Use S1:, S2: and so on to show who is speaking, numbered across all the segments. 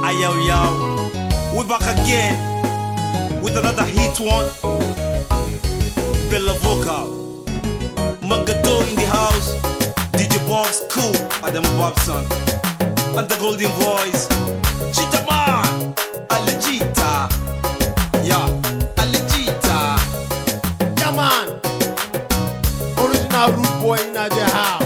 S1: Ayo, yo, we're back again with another hit one. Bella Vocal, Mangado in the house, DJ Box cool, Adam Bobson, and the Golden Voice, Chita Man, Alegita, yeah, Alegita, yeah man, original root boy in the house.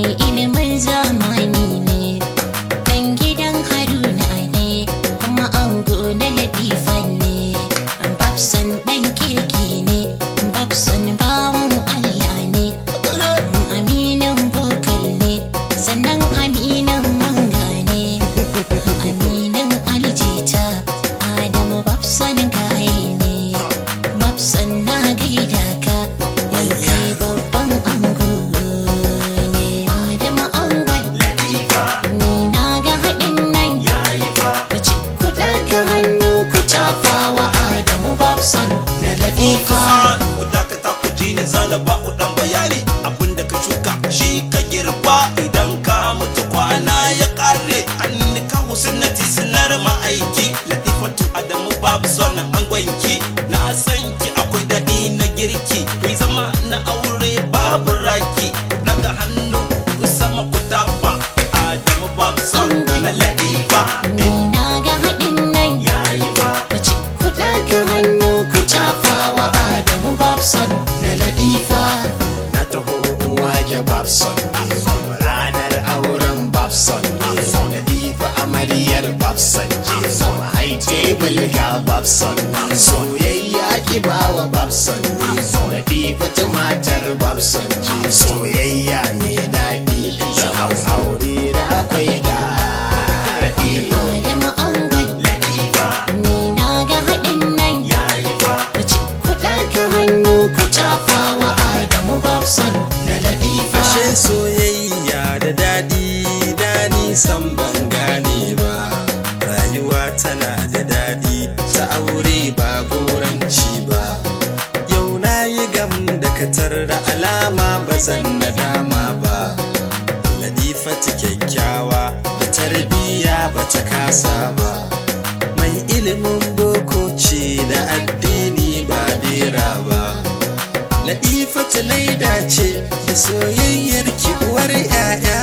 S1: mai ilimin zamani ne dan haruna ne kuma ango na latifan ba idan ka mutu kwana ya kare annika husnati sinar ma'aiki latifatu adamu babu son angwanki na san ki akwai dadi na girki ki zama na aure ya Babson ranar auren Babson da difa amaryar Babson hai tebul ga Babson soyayya ki bawa Babson da diva tumatar Babson soyayya ne daɗi alama ba na dama ba ta kyakkyawa da tarbiyya ba ta kasa ba mai ilimin boko ce da addini ba bera ba ta laida ce da soyayyar ki 'ya'ya